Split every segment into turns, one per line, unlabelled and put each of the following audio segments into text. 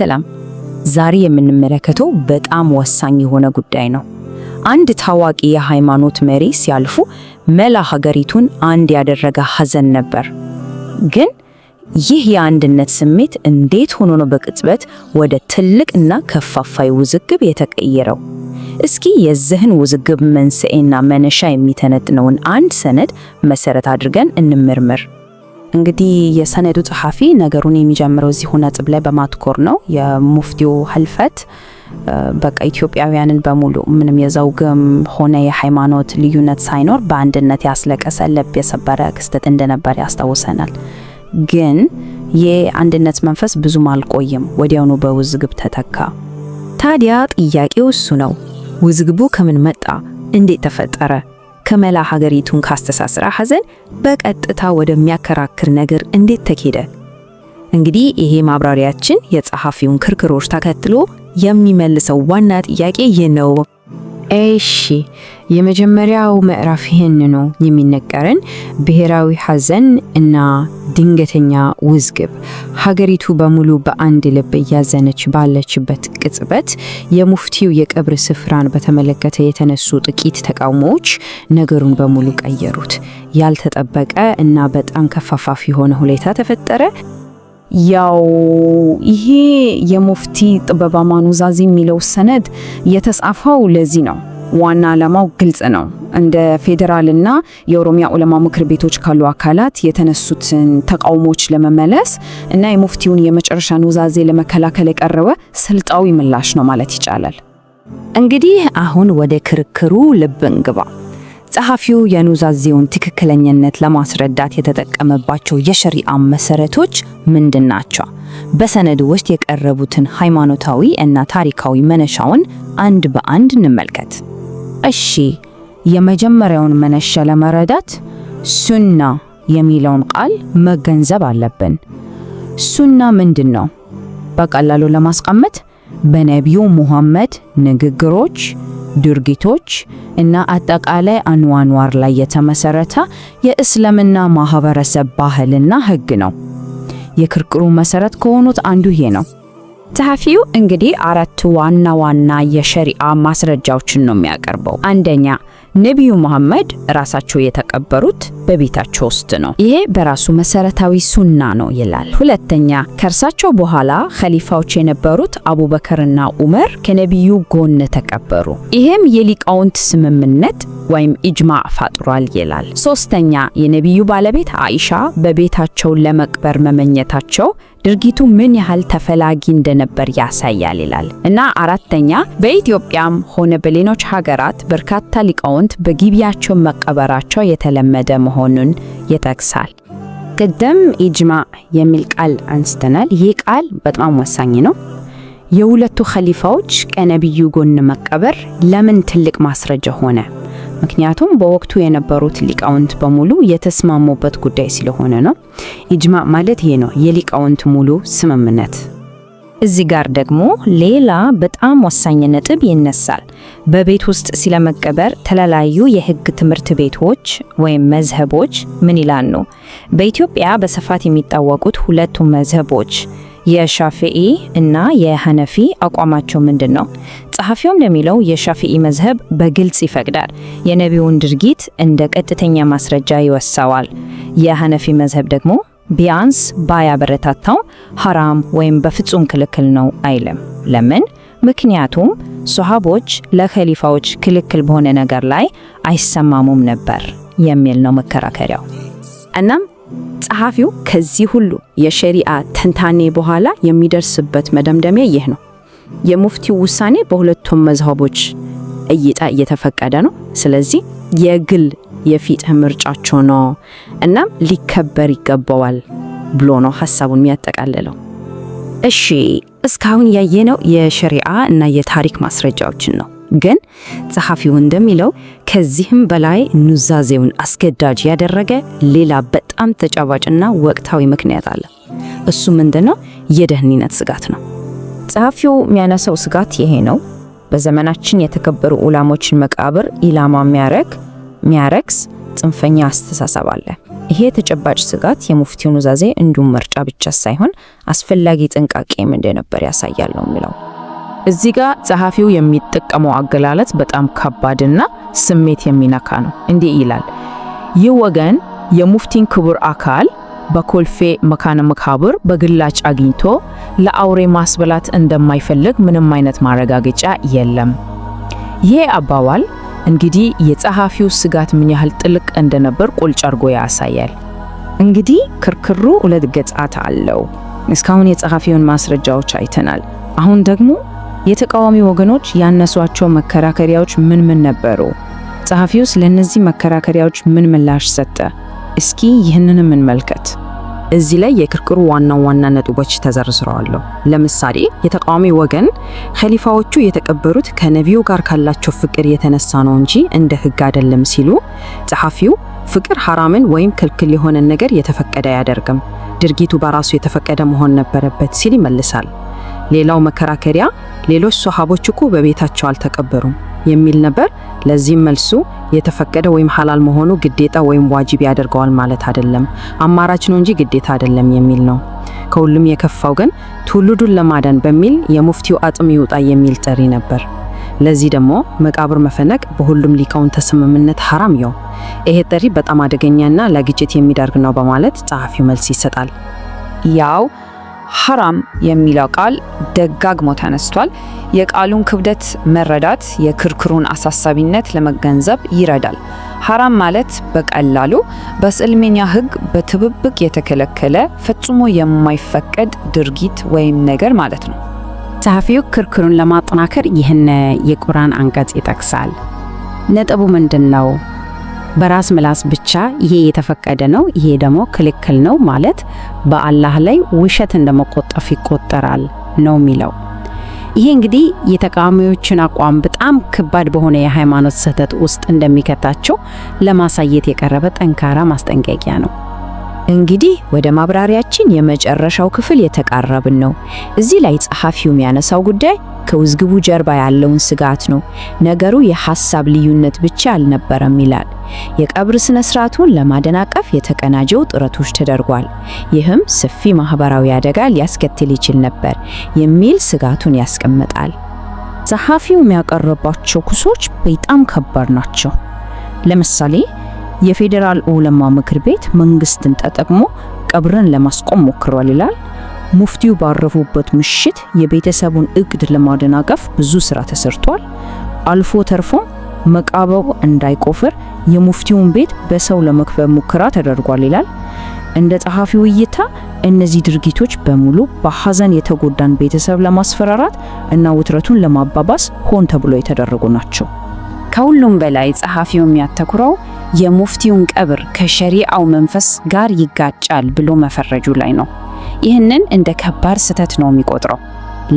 ሰላም። ዛሬ የምንመለከተው በጣም ወሳኝ የሆነ ጉዳይ ነው። አንድ ታዋቂ የሃይማኖት መሪ ሲያልፉ መላ ሀገሪቱን አንድ ያደረገ ሀዘን ነበር። ግን ይህ የአንድነት ስሜት እንዴት ሆኖ ነው በቅጽበት ወደ ትልቅ ትልቅና ከፋፋይ ውዝግብ የተቀየረው? እስኪ የዚህን ውዝግብ መንስኤና መነሻ የሚተነጥነውን አንድ ሰነድ መሰረት አድርገን እንመርምር።
እንግዲህ የሰነዱ ጸሐፊ ነገሩን የሚጀምረው እዚሁ ነጥብ ላይ በማትኮር ነው። የሙፍቲው ህልፈት በቃ ኢትዮጵያውያንን በሙሉ ምንም የዘውግም ሆነ የሃይማኖት ልዩነት ሳይኖር በአንድነት ያስለቀሰ ልብ የሰበረ ክስተት እንደነበር ያስታውሰናል። ግን ይህ አንድነት መንፈስ ብዙም አልቆይም፣ ወዲያውኑ በውዝግብ ተተካ።
ታዲያ ጥያቄው እሱ ነው፣ ውዝግቡ ከምን መጣ? እንዴት ተፈጠረ? ከመላ ሀገሪቱን ካስተሳስራ ሐዘን በቀጥታ ወደሚያከራክር ነገር እንዴት ተኬደ? እንግዲህ ይሄ ማብራሪያችን የጸሐፊውን ክርክሮች ተከትሎ የሚመልሰው ዋና ጥያቄ ይህ ነው።
እሺ የመጀመሪያው ምዕራፍ ይህን ነው የሚነገረን። ብሔራዊ ሐዘን እና ድንገተኛ ውዝግብ። ሀገሪቱ በሙሉ በአንድ ልብ እያዘነች ባለችበት ቅጽበት የሙፍቲው የቀብር ስፍራን በተመለከተ የተነሱ ጥቂት ተቃውሞዎች ነገሩን በሙሉ ቀየሩት። ያልተጠበቀ እና በጣም ከፋፋፊ የሆነ ሁኔታ ተፈጠረ።
ያው ይሄ የሙፍቲ ጥበባ ማኑዛዜ የሚለው ሰነድ የተጻፈው ለዚህ ነው። ዋና ዓላማው ግልጽ ነው። እንደ ፌዴራልና የኦሮሚያ ዑለማ ምክር ቤቶች ካሉ አካላት የተነሱትን ተቃውሞዎች ለመመለስ እና የሙፍቲውን የመጨረሻ ኑዛዜ ለመከላከል የቀረበ ስልጣዊ ምላሽ ነው ማለት ይቻላል።
እንግዲህ አሁን ወደ ክርክሩ ልብ እንግባ። ጸሐፊው የኑዛዜውን ትክክለኛነት ለማስረዳት የተጠቀመባቸው የሸሪዓ መሰረቶች ምንድን ናቸው? በሰነድ ውስጥ የቀረቡትን ሃይማኖታዊ እና ታሪካዊ መነሻውን አንድ በአንድ እንመልከት። እሺ፣ የመጀመሪያውን መነሻ ለመረዳት ሱና የሚለውን ቃል መገንዘብ አለብን። ሱና ምንድን ነው? በቀላሉ ለማስቀመጥ በነቢዩ ሙሐመድ ንግግሮች ድርጊቶች እና አጠቃላይ አኗኗር ላይ የተመሰረተ የእስልምና ማህበረሰብ ባህልና ህግ ነው። የክርክሩ መሰረት ከሆኑት አንዱ ይሄ ነው። ጸሐፊው እንግዲህ አራት ዋና ዋና የሸሪዓ ማስረጃዎችን ነው የሚያቀርበው። አንደኛ ነቢዩ መሐመድ ራሳቸው የተቀበሩት በቤታቸው ውስጥ ነው። ይሄ በራሱ መሰረታዊ ሱና ነው ይላል። ሁለተኛ ከእርሳቸው በኋላ ኸሊፋዎች የነበሩት አቡበከርና ዑመር ከነቢዩ ጎን ተቀበሩ። ይሄም የሊቃውንት ስምምነት ወይም ኢጅማዕ ፈጥሯል ይላል። ሶስተኛ የነቢዩ ባለቤት አኢሻ በቤታቸው ለመቅበር መመኘታቸው ድርጊቱ ምን ያህል ተፈላጊ እንደነበር ያሳያል ይላል እና አራተኛ በኢትዮጵያም ሆነ በሌሎች ሀገራት በርካታ ሊቃውንት በግቢያቸው መቀበራቸው የተለመደ መሆኑን ይጠቅሳል። ቅድም ኢጅማዕ የሚል ቃል አንስተናል። ይህ ቃል በጣም ወሳኝ ነው። የሁለቱ ኸሊፋዎች ቀነቢዩ ጎን መቀበር ለምን ትልቅ ማስረጃ ሆነ? ምክንያቱም በወቅቱ የነበሩት ሊቃውንት በሙሉ የተስማሙበት ጉዳይ ስለሆነ ነው። ኢጅማዕ ማለት ይሄ ነው፣ የሊቃውንት ሙሉ ስምምነት። እዚህ ጋር ደግሞ ሌላ በጣም ወሳኝ ነጥብ ይነሳል። በቤት ውስጥ ስለመቀበር ተለላዩ የህግ ትምህርት ቤቶች ወይም መዝህቦች ምን ይላሉ? በኢትዮጵያ በስፋት የሚታወቁት ሁለቱም መዝህቦች የሻፊዒ እና የሐነፊ አቋማቸው ምንድን ነው? ጸሐፊውም ለሚለው የሻፊዒ መዝሀብ በግልጽ ይፈቅዳል። የነቢውን ድርጊት እንደ ቀጥተኛ ማስረጃ ይወሰዋል። የሐነፊ መዝሀብ ደግሞ ቢያንስ ባያበረታታው ሐራም ወይም በፍጹም ክልክል ነው አይልም። ለምን? ምክንያቱም ሶሃቦች ለኸሊፋዎች ክልክል በሆነ ነገር ላይ አይሰማሙም ነበር የሚል ነው መከራከሪያው። እናም ጸሐፊው ከዚህ ሁሉ የሸሪአ ትንታኔ በኋላ የሚደርስበት መደምደሚያ ይህ ነው። የሙፍቲው ውሳኔ በሁለቱም መዝሀቦች እይጣ እየተፈቀደ ነው። ስለዚህ የግል የፊቅህ ምርጫቸው ነው፣ እናም ሊከበር ይገባዋል ብሎ ነው ሀሳቡን የሚያጠቃልለው። እሺ፣ እስካሁን ያየነው የሸሪዓ እና የታሪክ ማስረጃዎችን ነው። ግን ጸሐፊው እንደሚለው ከዚህም በላይ ኑዛዜውን አስገዳጅ ያደረገ ሌላ በጣም ተጨባጭና ወቅታዊ ምክንያት አለ። እሱ ምንድነው? የደህንነት ስጋት ነው። ጸሐፊው የሚያነሳው ስጋት ይሄ ነው። በዘመናችን የተከበሩ ዑላሞችን መቃብር ኢላማ የሚያረግ የሚያረክስ ጽንፈኛ አስተሳሰብ አለ። ይሄ ተጨባጭ ስጋት የሙፍቲው ኑዛዜ እንዲሁም ምርጫ ብቻ ሳይሆን አስፈላጊ ጥንቃቄም እንደነበር ያሳያል ነው የሚለው። እዚህ ጋር ጸሐፊው የሚጠቀመው አገላለጽ በጣም ከባድና ስሜት የሚነካ ነው። እንዲህ ይላል፣ ይህ ወገን የሙፍቲን ክቡር አካል በኮልፌ መካነ መቃብር በግላጭ አግኝቶ ለአውሬ ማስበላት እንደማይፈልግ ምንም አይነት ማረጋገጫ የለም። ይሄ አባባል እንግዲህ የጸሐፊው ስጋት ምን ያህል ጥልቅ እንደነበር ቁልጭ አድርጎ ያሳያል። እንግዲህ ክርክሩ ሁለት ገጽታ አለው። እስካሁን የጸሐፊውን ማስረጃዎች አይተናል። አሁን ደግሞ የተቃዋሚ ወገኖች ያነሷቸው መከራከሪያዎች ምን ምን ነበሩ? ጸሐፊውስ ለእነዚህ መከራከሪያዎች ምን ምላሽ ሰጠ? እስኪ ይህንንም እንመልከት። እዚህ ላይ የክርክሩ ዋና ዋና ነጥቦች ተዘርዝረዋለሁ። ለምሳሌ የተቃዋሚ ወገን ኸሊፋዎቹ የተቀበሩት ከነቢዩ ጋር ካላቸው ፍቅር የተነሳ ነው እንጂ እንደ ሕግ አይደለም ሲሉ፣ ጸሐፊው ፍቅር ሐራምን ወይም ክልክል የሆነን ነገር የተፈቀደ አያደርግም፣ ድርጊቱ በራሱ የተፈቀደ መሆን ነበረበት ሲል ይመልሳል። ሌላው መከራከሪያ ሌሎች ሶሃቦች እኮ በቤታቸው አልተቀበሩም የሚል ነበር። ለዚህም መልሱ የተፈቀደ ወይም ሐላል መሆኑ ግዴታ ወይም ዋጅብ ያደርገዋል ማለት አይደለም፣ አማራጭ ነው እንጂ ግዴታ አይደለም የሚል ነው። ከሁሉም የከፋው ግን ትውልዱን ለማዳን በሚል የሙፍቲው አጽም ይውጣ የሚል ጥሪ ነበር። ለዚህ ደግሞ መቃብር መፈነቅ በሁሉም ሊቃውንተ ስምምነት ሐራም የው ይሄ ጥሪ በጣም አደገኛና ለግጭት የሚዳርግ ነው በማለት ጸሐፊው መልስ ይሰጣል
ያው ሐራም የሚለው ቃል ደጋግሞ ተነስቷል። የቃሉን ክብደት መረዳት የክርክሩን አሳሳቢነት ለመገንዘብ ይረዳል። ሐራም ማለት በቀላሉ በእስልምና ሕግ በትብብቅ የተከለከለ ፈጽሞ የማይፈቀድ ድርጊት ወይም ነገር ማለት ነው።
ጸሐፊው ክርክሩን ለማጠናከር ይህን የቁርአን አንቀጽ ይጠቅሳል። ነጥቡ ምንድን ነው? በራስ ምላስ ብቻ ይሄ የተፈቀደ ነው፣ ይሄ ደግሞ ክልክል ነው ማለት በአላህ ላይ ውሸት እንደመቆጠፍ ይቆጠራል ነው የሚለው። ይሄ እንግዲህ የተቃዋሚዎችን አቋም በጣም ከባድ በሆነ የሃይማኖት ስህተት ውስጥ እንደሚከታቸው ለማሳየት የቀረበ ጠንካራ ማስጠንቀቂያ ነው። እንግዲህ ወደ ማብራሪያችን የመጨረሻው ክፍል የተቃረብን ነው። እዚህ ላይ ጸሐፊው የሚያነሳው ጉዳይ ከውዝግቡ ጀርባ ያለውን ስጋት ነው። ነገሩ የሐሳብ ልዩነት ብቻ አልነበረም ይላል። የቀብር ስነ ስርዓቱን ለማደናቀፍ የተቀናጀው ጥረቶች ተደርጓል። ይህም ሰፊ ማህበራዊ አደጋ ሊያስከትል ይችል ነበር የሚል ስጋቱን ያስቀምጣል። ጸሐፊው የሚያቀርባቸው ክሶች በጣም ከባድ ናቸው። ለምሳሌ የፌዴራል ኦለማ ምክር ቤት መንግስትን ተጠቅሞ ቀብርን ለማስቆም ሞክሯል ይላል። ሙፍቲው ባረፉበት ምሽት የቤተሰቡን እቅድ ለማደናቀፍ ብዙ ስራ ተሰርቷል። አልፎ ተርፎ መቃብሩ እንዳይቆፍር የሙፍቲውን ቤት በሰው ለመክበብ ሙከራ ተደርጓል ይላል። እንደ ጸሐፊው እይታ እነዚህ ድርጊቶች በሙሉ በሐዘን የተጎዳን ቤተሰብ ለማስፈራራት እና ውጥረቱን ለማባባስ ሆን ተብሎ የተደረጉ ናቸው። ከሁሉም በላይ ጸሐፊው የሚያተኩረው የሙፍቲውን ቀብር ከሸሪዓው መንፈስ ጋር ይጋጫል ብሎ መፈረጁ ላይ ነው። ይህንን እንደ ከባድ ስህተት ነው የሚቆጥረው።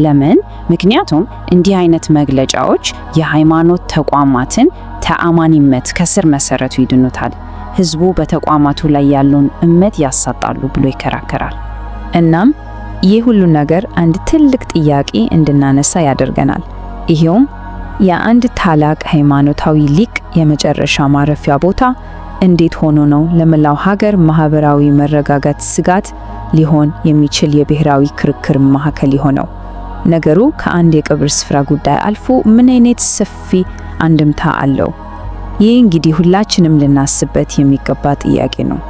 ለምን? ምክንያቱም እንዲህ አይነት መግለጫዎች የሃይማኖት ተቋማትን ተአማኒነት ከስር መሰረቱ ይድኑታል። ህዝቡ በተቋማቱ ላይ ያለውን እምነት ያሳጣሉ ብሎ ይከራከራል። እናም ይህ ሁሉ ነገር አንድ ትልቅ ጥያቄ እንድናነሳ ያደርገናል። ይሄውም የአንድ ታላቅ ሃይማኖታዊ ሊቅ የመጨረሻ ማረፊያ ቦታ እንዴት ሆኖ ነው ለመላው ሀገር ማህበራዊ መረጋጋት ስጋት ሊሆን የሚችል የብሔራዊ ክርክር ማዕከል የሆነው? ነገሩ ከአንድ የቀብር ስፍራ ጉዳይ አልፎ ምን አይነት ሰፊ አንድምታ አለው? ይህ እንግዲህ ሁላችንም ልናስበት የሚገባ ጥያቄ ነው።